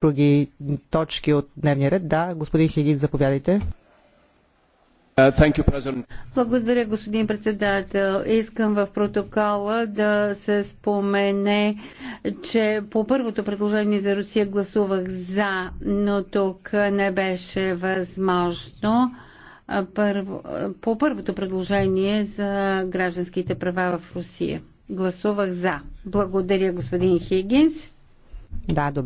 други точки от дневния ред. Да, господин Хигин, заповядайте. Uh, you, Благодаря, господин председател. Искам в протокола да се спомене, че по първото предложение за Русия гласувах за, но тук не беше възможно. Първо, по първото предложение за гражданските права в Русия гласувах за. Благодаря, господин Хигинс. Да, добре.